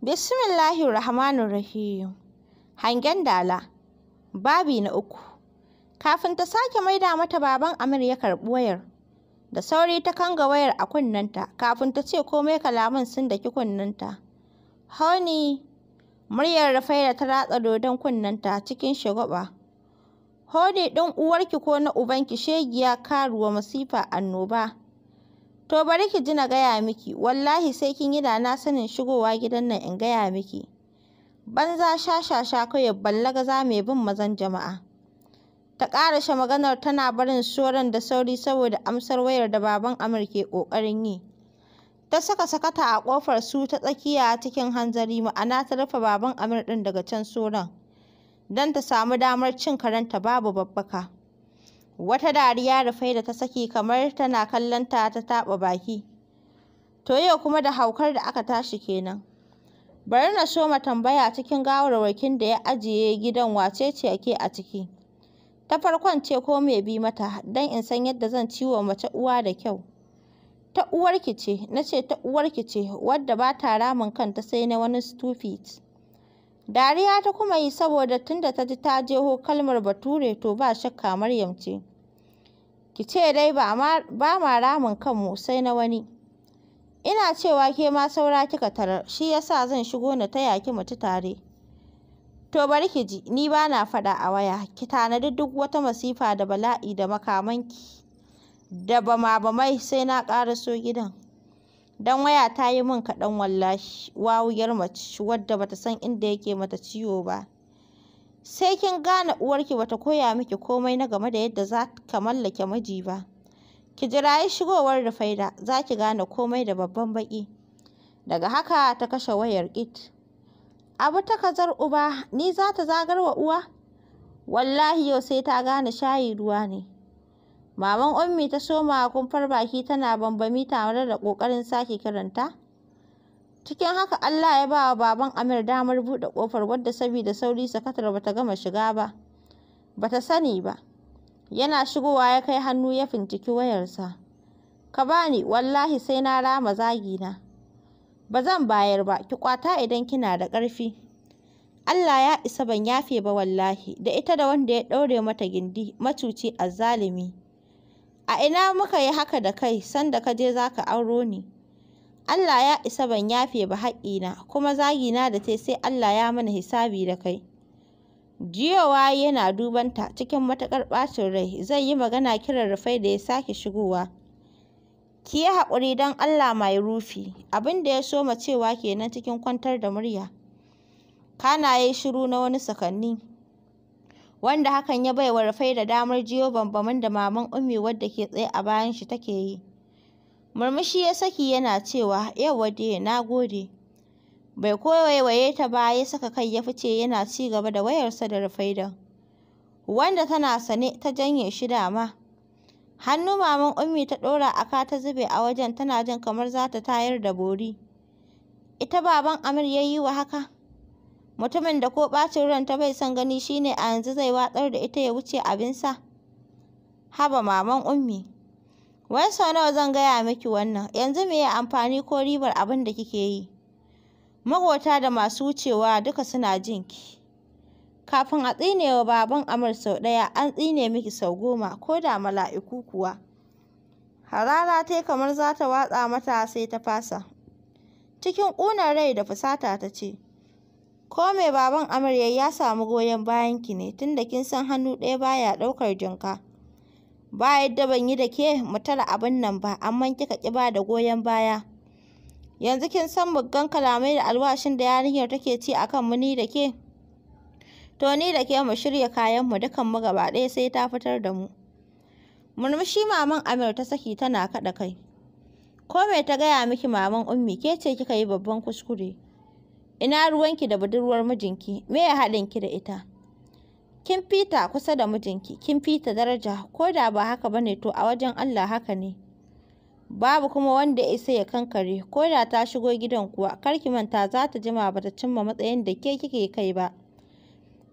Bismillahir Rahmanir Rahim. Hangen dala. Babi na uku. Kafin ta sake maida mata baban Amir ya karɓi wayar. Da sauri ta kanga wayar a kunnenta kafin ta ce komai kalaman sun daki kunnenta. Honey, muryar rafaila ta ratsa dodon kunnenta cikin shagwaba. Honey ɗin uwarki ko na ubanki shegiya karuwa masifa annoba. To bari ki ji na gaya miki, wallahi sai kin yi da na sanin shigowa gidan nan in gaya miki. Banza shashasha kawai ballaga za mai bin mazan jama'a. Ta ƙarashe maganar tana barin shoran da sauri saboda amsar wayar da baban Amir ke ƙoƙarin yi. Ta saka sakata a ƙofar su ta tsakiya cikin hanzari ma'ana ta rufe baban Amir ɗin daga can soron. Don ta samu damar cin karenta babu babbaka. Wata dariya rufai da ta saki kamar tana kallon ta ta taɓa baki. To yau kuma da haukar da aka tashi kenan. Bari na so ma tambaya cikin gawarwakin da ya ajiye gidan wace ce ke a ciki. Ta farkon ce ko me bi mata don in san yadda zan ciwo mace uwa da kyau. Ta uwarki ce, na ce ta uwarki ce wadda ba ta ramin kanta sai na wani stupid. Dariya ta kuma yi saboda tunda ta ji ta jeho kalmar bature to ba shakka Maryam ce. ki ce dai ba ma ramin kanmu sai na wani ina cewa ke ma saura kika tarar shi yasa zan shigo na taya ki mutu tare to bari ki ji ni ba na faɗa a waya ki tanadi duk wata masifa da bala'i da makamanki da ba ba bamai sai na ƙara so gidan Dan waya ta yi min kaɗan wallahi wawuyar mace wadda bata san inda yake mata ciwo ba sai kin gane uwarki bata koya miki komai na game da yadda za ka mallake miji ba ki jira ya shigowar da faida, za ki gane komai da babban baki. daga haka ta kashe wayar ƙit abu ta kazar uba ni za ta zagarwa uwa wallahi yau sai ta gane shayi ruwa ne maman ummi ta soma kumfar baki tana bambami tare da ƙoƙarin sake kiranta cikin haka Allah ya ba wa baban Amir damar buɗe ƙofar wadda saboda sauri sakatar bata gama shiga ba bata sani ba yana shigowa ya kai hannu ya finciki wayarsa ka bani wallahi sai na rama zagina ba zan bayar ba ki kwata idan kina da ƙarfi Allah ya isa ban yafe ba wallahi da ita da wanda ya ɗaure mata gindi macuci azzalumi a ina muka yi haka da kai sanda ka je za ka auro ni Allah ya isa ban yafe ba haƙƙina, kuma zagina da tai sai Allah ya mana hisabi da kai. Jiyowa yana dubanta cikin matuƙar ɓacin rai, zai yi magana kiran Rufai da ya sake shigowa. Ki yi haƙuri don Allah mai rufi, abin da ya soma cewa kenan cikin kwantar da murya. Kana ya shiru na wani sakanni, wanda hakan ya baiwa Rufai da damar jiyo bambamin da maman Ummi wadda ke tsaye a bayan shi take yi. Murmushi ya saki yana cewa, "Yawwa dai, na gode." Bai kowaye ta ba ya saka kai ya fice yana ci gaba da wayarsa da rufaidan wanda tana sane ta janye shi dama. Hannu maman Ummi ta ɗora aka ta zube a wajen tana jin kamar za ta tayar da bori. Ita baban Amir ya yi wa haka? Mutumin da ko ɓacin ranta bai san gani shine a yanzu zai watsar da ita ya wuce abinsa? Haba maman Ummi. Wai sau nawa zan gaya miki wannan, yanzu me ya amfani ko ribar abin da kike yi? Magota da masu wucewa duka suna jin ki. Kafin a tsine wa baban Amur sau ɗaya, an tsine miki sau goma, ko da mala'iku kuwa. Harara ta kamar za ta watsa mata sai ta fasa. Cikin ƙunar rai da fusata ta ce, Ko me baban Amur ya samu goyon bayan ki ne, tunda kin san hannu ɗaya baya ɗaukar jinka. ba yadda ban yi da ke mu tara abin nan ba amma kika ki ba da goyon baya yanzu kin san muggan kalamai da alwashin da yarinyar take ci akan mu ni da ke to ni da ke mu shirya kayan mu dukan mu gaba ɗaya sai ta fitar da mu murmushi maman Amir ta saki tana kaɗa kai ko me ta gaya miki maman ummi ke ce kika yi babban kuskure ina ruwanki da budurwar mijinki me ya haɗin ki da ita kin fita kusa da mijinki kin fita daraja ko da ba haka ba ne, to a wajen Allah haka ne babu kuma wanda ya isa ya kankare ko da ta shigo gidan kuwa kar ki manta za ta jima ba ta cimma matsayin da ke kike kai ba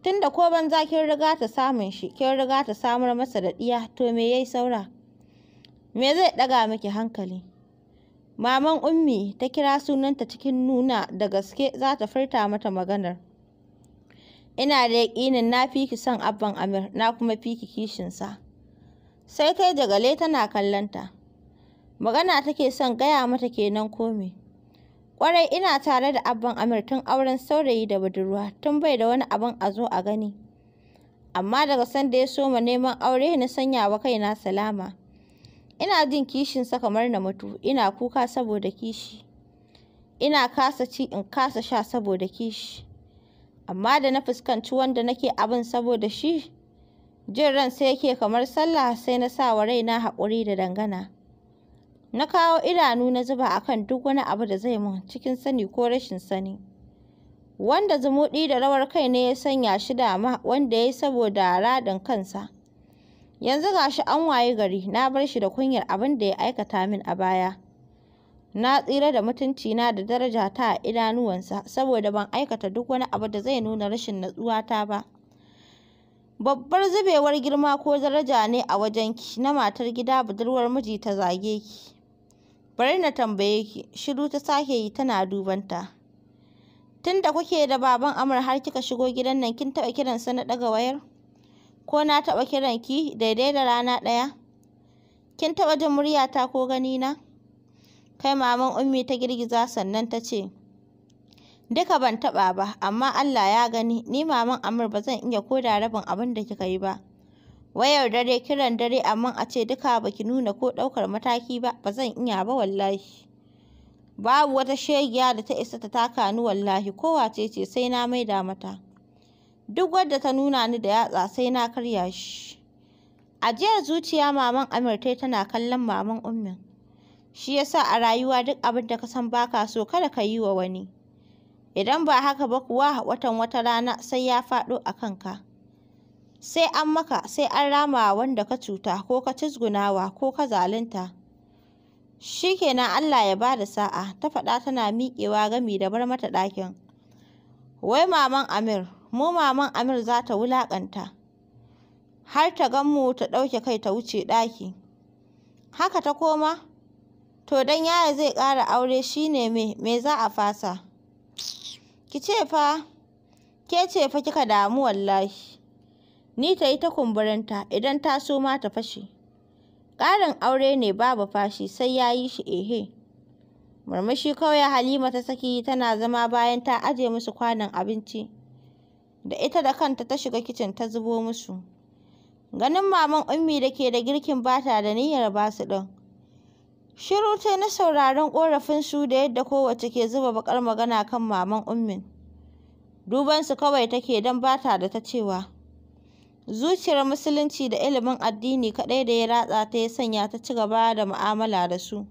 tunda ko banza kin riga ta samun shi kin riga ta samar masa da ɗiya to me yayi saura me zai daga miki hankali maman ummi ta kira sunanta cikin nuna da gaske za ta furta mata maganar Ina da yaƙinin na fi ki son Abban Amir na kuma fi ki kishinsa. Sai ta yi jagale tana kallonta. Magana take son gaya mata kenan komi Kwarai ina tare da Abban Amir tun auren saurayi da budurwa tun bai da wani abin a zo a gani. Amma daga sanda ya soma neman aure na sanya wa kaina salama. Ina jin kishinsa kamar na mutu, ina kuka saboda kishi. Ina kasa ci in kasa sha saboda kishi. amma da na fuskanci wanda nake abin saboda shi jin ran sai yake kamar sallah sai na sa wa raina haƙuri da dangana na kawo idanu na zuba akan duk wani abu da zai mun cikin sani ko rashin sani wanda zumuɗi da rawar kai ne ya sanya shi dama wanda ya yi saboda raɗin kansa yanzu gashi an waye gari na bar shi da kunyar abin da ya aikata min a baya Na tsira da mutuncina da darajata a idanuwansa, saboda ban aikata duk wani abu da zai nuna rashin natsuwata ba. Babbar zubewar girma ko daraja ne a wajenki na matar gida budurwar miji ta zage ki. Bari na tambaye ki, shiru ta sake yi tana dubanta. Tun da kuke da baban Amur har kika shigo gidan nan kin taɓa kiransa na ɗaga wayar? Ko na taɓa ki, daidai da rana ɗaya? Kin taɓa jin muryata ko ganina? Kai maman Ummi ta girgiza sannan ta ce, Duka ban taɓa ba, amma Allah ya gani, ni maman Amur ba zan iya koda rabin abin da kika yi ba. Wayar dare kiran dare amma a ce duka baki nuna ko ɗaukar mataki ba, ba zan iya ba wallahi. Babu wata shegiya da ta isa ta taka ni wallahi, wace ce sai na mai da mata. Duk wadda ta nuna ni da yatsa sai na karya shi. Ajiyar zuciya maman Amir tana kallon maman Ummin. Shi yasa a rayuwa duk abin da ka san baka so kada ka yi wa wani. Idan ba haka ba kuwa watan wata rana sai ya faɗo a kanka. Sai an maka sai an rama wanda ka cuta ko ka cizgunawa ko ka zalunta. Shi kenan Allah ya ba da sa'a ta faɗa tana miƙewa gami da bar mata ɗakin. Wai maman Amir, mu maman Amir za ta wulaƙanta. Har ta ganmu ta ɗauke kai ta wuce ɗaki. Haka ta koma? To dan Yaya zai ƙara aure shine ne me, me za a fasa? Ki ce fa, ke ce fa kika damu wallahi. Ni ta yi ta kumburinta idan ta so ma ta fashe. Ƙarin aure ne babu fashi sai ya yi shi ehe. Murmushi kawai Halima ta saki tana zama bayan ta aje musu kwanon abinci. Da ita da kanta ta shiga kicin ta zubo musu. Ganin maman Ummi da ke da girkin bata da niyyar ba su ɗin. Shiru ta na sauraron su da yadda kowace ke zuba baƙar magana kan maman Ummin. Duban su kawai take don bata da ta cewa. Zuciyar Musulunci da ilimin addini kaɗai da ya ratsa ta ya sanya ta ci gaba da mu'amala da su.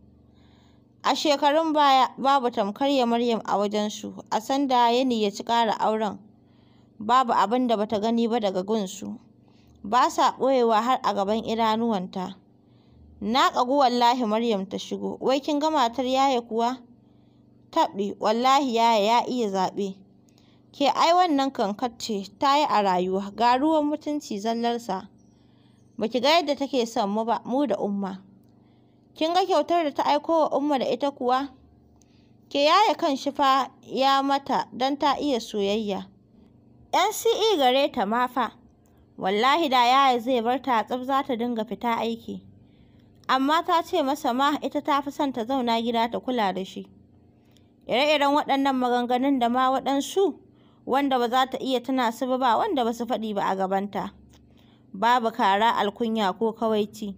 A shekarun baya, babu tamkar ya Maryam a wajen su. a sanda ya niyyaci ƙara auren. Babu abin da bata gani ba daga gunsu. Ba sa ɓoyewa har a gaban idanuwanta. Na ƙagu wallahi Maryam ta shigo. Wai kin ga matar Yaya kuwa? Taɓi, wallahi Yaya ya iya zaɓe. Ke ai wannan kankar ce, ta yi a rayuwa, ga ruwan mutunci zallarsa. Ba ki ga yadda take son mu ba, mu da Umma. Kin ga kyautar da ta aiko wa Umma da ita kuwa? Ke Yaya kan shi fa ya mata don ta iya soyayya. ‘Yan si'i e gare ta ma fa, wallahi da Yaya zai bar ta a tsaf za ta dinga fita aiki. amma ta ce masa ma ita ta fi son ta zauna gida ta kula da shi. Ire-iren waɗannan maganganun da ma waɗansu wanda ba za ta iya tana su ba ba wanda ba su faɗi ba a gabanta. Babu kara alkunya ko kawaici.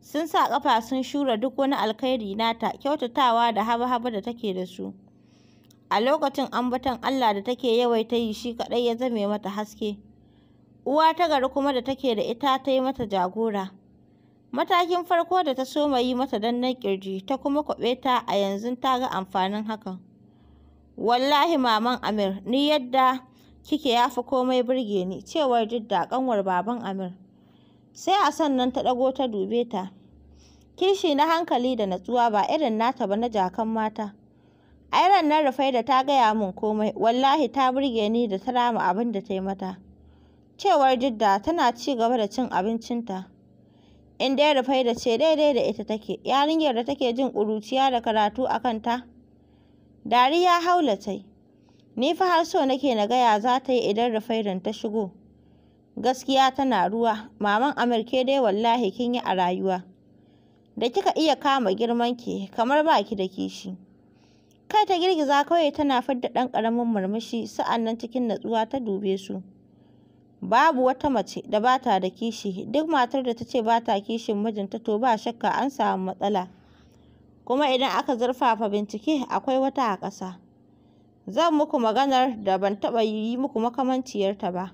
Sun sa ƙafa sun shura duk wani alkhairi nata kyautatawa da haba-haba da take da su. A lokacin ambaton Allah da take yawaita yi shi kaɗai ya zame mata haske. Uwa ta gari kuma da take da ita ta yi mata jagora. Matakin farko da ta soma yi mata na ƙirji ta kuma kwaɓe ta a yanzu ta ga amfanin hakan. Wallahi Maman Amir, ni yadda kike ya fi komai birge ni, cewar Jidda ƙanwar Baban Amir. Sai a sannan ta ɗago ta dube ta. Kishi na hankali da natsuwa ba irin nata ba na jakan mata. Ai rannan da ta gaya min komai, wallahi ta birge ni da ta rama abin da ta yi mata. Cewar Jidda tana ci gaba da cin abincinta. in dai Rufaida ce daidai da ita take yarinyar da take jin ƙuruciya da karatu a kanta dariya haula tai ni fa har so nake na gaya za ta yi idan Rufaidan ta shigo gaskiya tana ruwa maman amirke dai wallahi kin yi a rayuwa da kika iya kama girman ki kamar ba ki da kishi kai ta girgiza kawai tana fidda ɗan ƙaramin murmushi sa'annan cikin natsuwa ta dube su Babu wata mace da ba ta da kishi, duk matar da ta ce ba ta kishin mijinta to ba shakka an samu matsala. Kuma idan aka zurfafa bincike akwai wata a ƙasa. Zan muku maganar da ban taɓa yi muku makamanciyarta ba.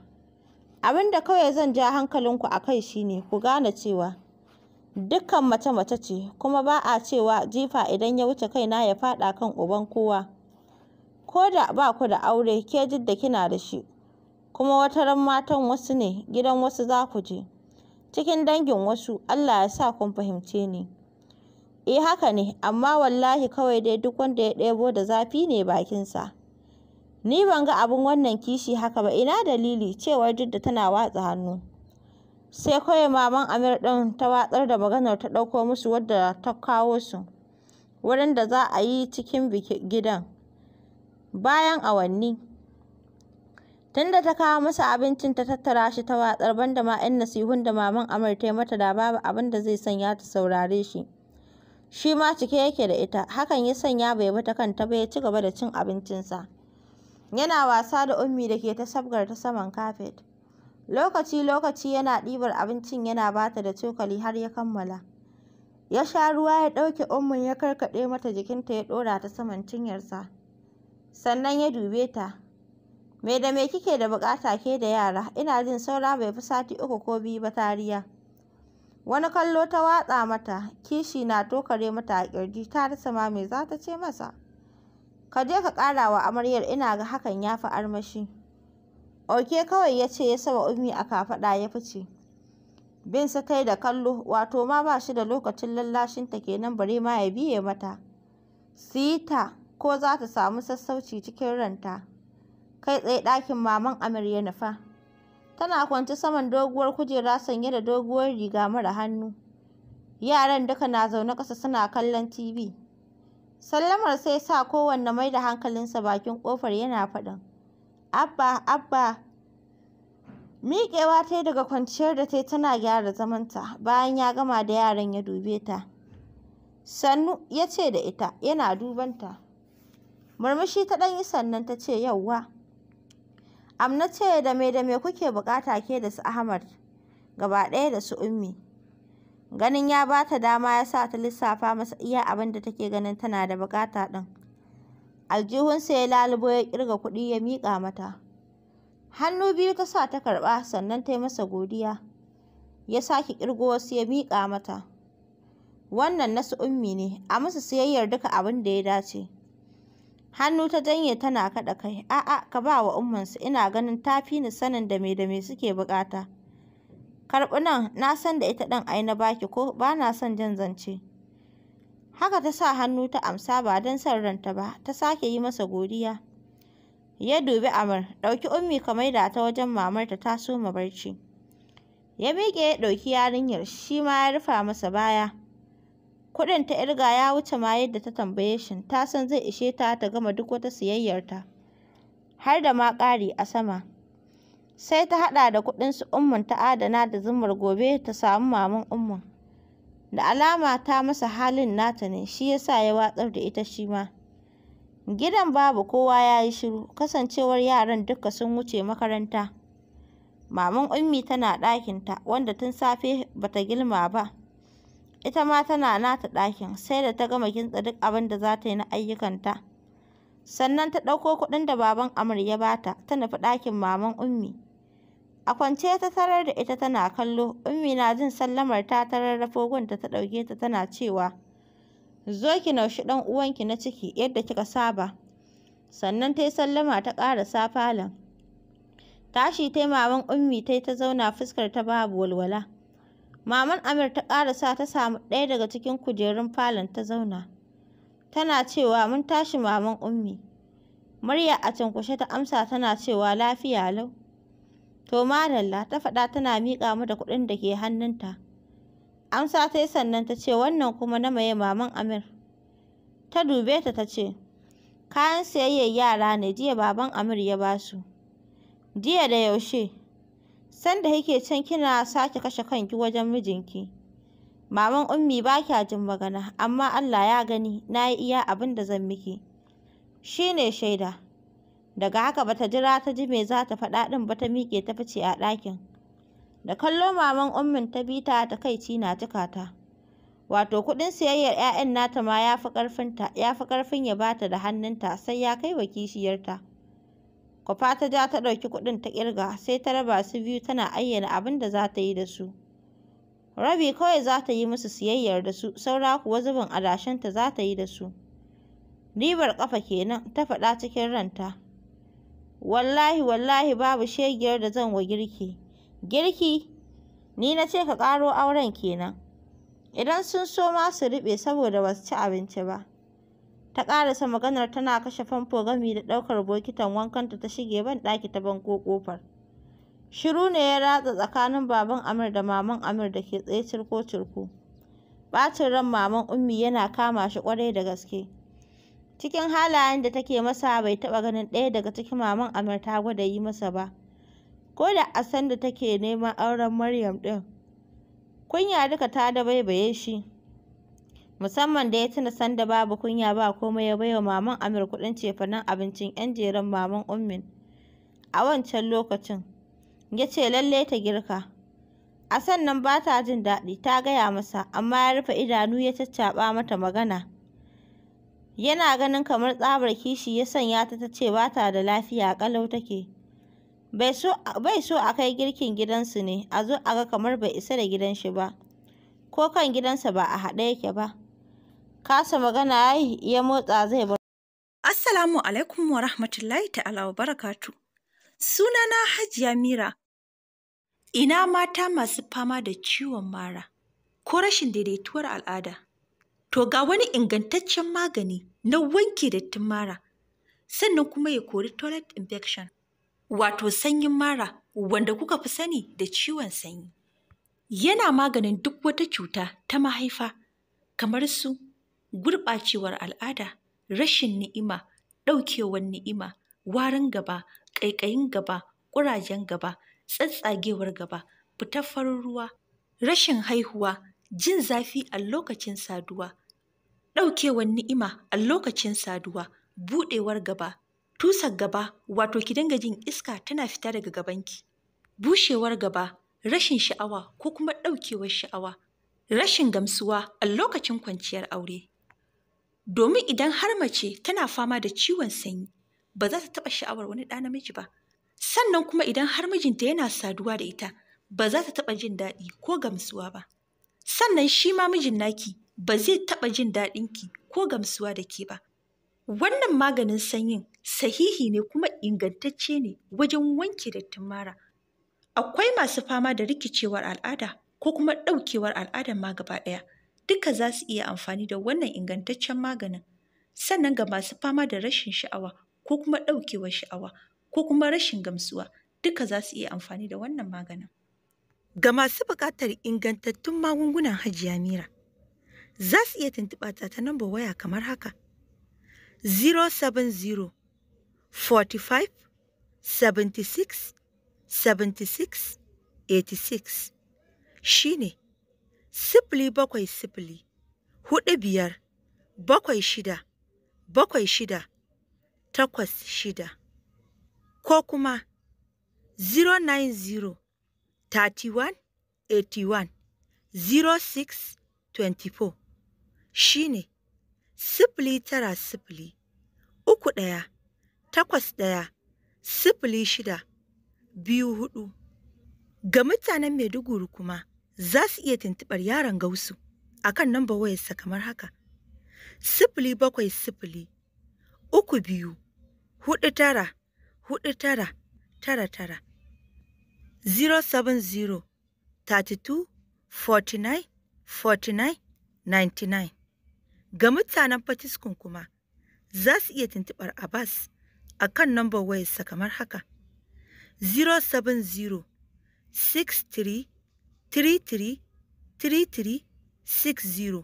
Abin da kawai zan ja hankalinku a kai shine, ku gane cewa dukkan mace mace ce kuma ba a cewa jifa idan ya wuce kaina ya faɗa kan uban kowa. Ko da ba ku da aure ke jidda kina da shi kuma wata ran matan wasu ne gidan wasu za ku je cikin dangin wasu Allah ya sa kun fahimce ni eh haka ne amma wallahi kawai dai duk wanda ya ɗebo da zafi ne bakinsa ni ban ga abin wannan kishi haka ba ina dalili cewar Jidda tana watsa hannu sai kawai maman Amir ɗin ta watsar da maganar ta ɗauko musu wadda ta kawo su wurin da za a yi cikin gidan bayan awanni Tunda ta kawo masa abincin ta tattara shi ta watsar banda ma 'yan nasihun da maman amur ta yi mata da babu abin da zai sanya ta saurare shi. Shi ma cike yake da ita, hakan ya sanya bai bi ta kanta ba ya ci gaba da cin abincinsa. Yana wasa da Ummi da ke ta sabgar ta saman kafet. Lokaci-lokaci yana ɗibar abincin yana bata da cokali har ya kammala. Ya sha ruwa ya ɗauke Ummin ya karkaɗe mata jikinta ya ɗora ta saman cinyarsa. Sannan ya dube ta. Me da me kike da buƙata ke da yara, ina jin saura bai fi sati uku ko biyu ba tariya. Wani kallo ta watsa mata, kishi na tokare mata a ƙirji, ta rasa ma me za ta ce masa. Ka je ka ƙara wa amaryar ina ga hakan ya fi armashi. Oke kawai ya ce ya saba ummi a kafaɗa ya fice. Bin sa tai da kallo, wato ma ba shi da lokacin lallashinta kenan bare ma ya biye mata. Sita ko za ta samu sassauci cikin ranta. kai tsaye ɗakin maman Amir nufa. Tana kwance saman doguwar kujera sanye da doguwar riga mara hannu. Yaran duka na zaune ƙasa suna kallon TV. Sallamar sai sa kowanne mai da hankalinsa bakin kofar yana faɗin. Abba, Abba. Miƙewa ta daga kwanciyar da ta tana gyara zamanta bayan ya gama da yaran ya dube ta. Sannu ya ce da ita yana dubanta. Murmushi ta ɗan yi sannan ta ce yauwa. Amna ce da me da me kuke bukata ke da su Ahmad gaba ɗaya da su Ummi. Ganin ya ba ta dama ya sa ta lissafa masa iya abin da take ganin tana da buƙata ɗin. Aljihunsa ya lalubo ya kirga kuɗi ya miƙa mata. Hannu biyu ta sa ta karɓa sannan ta yi masa godiya. Ya sake kirgo wasu ya miƙa mata. Wannan nasu Ummi ne, a musu siyayyar duka abin da ya dace. Hannu ta janye tana kaɗa kai, a'a ka ba wa ummansu ina ganin ta fi ni sanin da me da me suke buƙata. Karɓi nan, na san da ita ɗan aina baki ko ba na son jan zance. Haka ta sa hannu ta amsa ba don son ranta ba, ta sake yi masa godiya. Ya dubi Amar, ɗauki ummi ka maida ta wajen mamarta ta soma barci. Ya miƙe ya ɗauki yarinyar, shi ma ya rufa masa baya. Kuɗin ta ƙirga ya wuce ma yadda ta tambaye shi, ta san zai ishe ta ta gama duk wata siyayyarta, har da ma ƙari a sama. Sai ta haɗa da kuɗin su umman ta adana da zumar gobe ta samu maman Ummun. Da alama ta masa halin nata ne, shi ya sa ya watsar da ita shi ma. Gidan babu kowa ya yi shiru, kasancewar yaran duka sun wuce makaranta. Maman Ummi tana ɗakinta, wanda tun safe ba ta gilma ba. ita ma tana nata ɗakin sai da ta gama kintsa duk abin da za ta yi na ayyukanta sannan ta ɗauko kuɗin da baban Amur ya bata ta nufi ɗakin maman Ummi a kwance ta tarar da ita tana kallo Ummi na jin sallamar ta ta rarrafo gunta ta ɗauke ta tana cewa zo ki naushi ɗan uwanki na ciki yadda kika saba sannan ta yi sallama ta ƙarasa falon tashi tai maman Ummi ta yi ta zauna fuskar ta babu walwala Maman Amir ta ƙara sa ta samu ɗaya daga cikin kujerun falon ta zauna. Tana cewa mun tashi maman ummi. Murya a cunkushe ta amsa tana cewa lafiya lau. To madalla ta faɗa tana miƙa mu da kuɗin da ke hannunta. Amsa ta yi sannan ta ce wannan kuma na maye maman Amir. Ta dube ta ta ce, kayan siyayyar yara ne jiya baban Amir ya basu. Jiya da yaushe. sanda yake can kina sake kashe kanki wajen mijinki maman ummi ba kya jin magana amma Allah ya gani nayi iya abin da zan miki shine ne shaida daga haka bata jira ta ji me za ta faɗa ɗin ba ta miƙe ta fice a ɗakin da kallo maman ummin ta bi ta takaici na cikata wato kuɗin siyayyar 'ya'yan nata ma ya fi ƙarfinta ya fi ya bata da hannunta sai ya kai wa kishiyarta Kwafa ta ja ta ɗauki kuɗin ta ƙirga sai ta raba su biyu tana ayyana abin da za ta yi da su. Rabi kawai za ta yi musu siyayyar da su, saura kuwa zubin adashinta za ta yi da su. Ribar ƙafa kenan, ta faɗa cikin ranta. Wallahi wallahi babu shegiyar da zan wa girki. Girki? Ni na ce ka ƙaro auren kenan. Idan sun so ma su riɓe saboda ba su ci abinci ba. ta ƙarasa maganar tana kashe famfo gami da ɗaukar bokitan wankanta ta shige ban ɗaki ta banko ƙofar shiru ne ya ratsa tsakanin baban amir da maman amir da ke tsaye cirko cirko ɓacin ran maman ummi yana kama shi kwarai da gaske cikin halayen da take masa bai taɓa ganin ɗaya daga cikin maman amir ta gwada yi masa ba ko da a san da take neman auren maryam ɗin kunya duka ta dabaibaye shi musamman da ya tuna sanda babu kunya ba komai ya baiwa maman Amir kuɗin cefanen abincin 'yan jeren maman Ummin a wancan lokacin. Ya ce lalle ta girka. A sannan ba ta jin daɗi ta gaya masa amma ya rufe idanu ya caccaɓa mata magana. Yana ganin kamar tsabar kishi ya sanya ta ta ce ba ta da lafiya ƙalau take. Bai so a kai girkin gidansu ne a zo a ga kamar bai isa da gidan shi ba ko kan gidansa ba a haɗe yake ba. kasa magana ya motsa zai bar. Assalamu alaikum wa rahmatullahi ta'ala wa barakatu. Sunana Hajiya Mira. Ina mata masu fama da ciwon mara ko rashin daidaituwar al'ada. To ga wani ingantaccen magani na wanke dattin mara, sannan kuma ya kori toilet infection, wato sanyin mara wanda kuka fi sani da ciwon sanyi. Yana maganin duk wata cuta ta mahaifa kamar su gurɓacewar al'ada, rashin ni'ima, ɗaukewar ni'ima, warin gaba, ƙaiƙayin gaba, ƙurajen gaba, tsatsagewar gaba, fitar farin ruwa, rashin haihuwa, jin zafi a lokacin saduwa, ɗaukewar ni'ima a lokacin saduwa, buɗewar gaba, tusar gaba wato ki dinga jin iska tana fita daga gabanki, bushewar gaba, rashin sha'awa ko kuma ɗaukewar sha'awa, rashin gamsuwa a lokacin kwanciyar aure. Domin idan har mace tana fama da ciwon sanyi, ba za ta taɓa sha'awar wani ɗa namiji ba. Sannan kuma idan har mijinta yana saduwa da ita, ba za ta taɓa jin daɗi ko gamsuwa ba. Sannan shi ma mijin naki ba zai taɓa jin daɗin ki ko gamsuwa da ke ba. Wannan maganin sanyin sahihi ne kuma ingantacce ne wajen wanke dattin mara. Akwai masu fama da rikicewar al'ada ko kuma ɗaukewar al'adar ma gaba ɗaya. duka za su iya amfani da wannan ingantaccen maganin. Sannan ga masu fama da rashin sha'awa ko kuma ɗaukewar sha'awa ko kuma rashin gamsuwa duka za su iya amfani da wannan maganin. Ga masu buƙatar ingantattun magungunan hajiya mira, za su iya tuntuɓa ta ta nambar waya kamar haka. 070 45 76 76 86 shi ne sifili bakwai sifili hudu biyar bakwai shida bakwai shida takwas shida ko kuma 090 31 81 06 24 shine sifili tara sifili uku ɗaya takwas ɗaya sifili shida biyu hudu ga mutanen maiduguri kuma za su iya tuntuɓar yaron gausu a kan nambar wayarsa kamar haka. Sifili bakwai sifili, uku biyu, hudu tara, hudu tara, tara tara. 070 32 49 49 99. Ga mutanen Fatiskun kuma za su iya tuntuɓar Abbas a kan nambar wayarsa kamar haka. 070 63 333360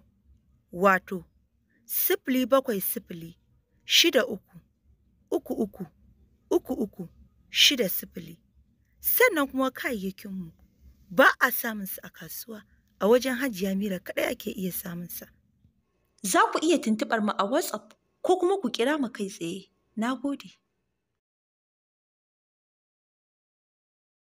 wato, sifili bakwai sifili shida uku, uku uku, uku uku, shida sifili. Sannan kuma kayayyakinmu ba a samunsa a kasuwa, a wajen hajiya mira kaɗai ake iya samunsa. Za ku iya tuntuɓar mu a WhatsApp ko kuma ku kira mu kai tsaye. Na gode.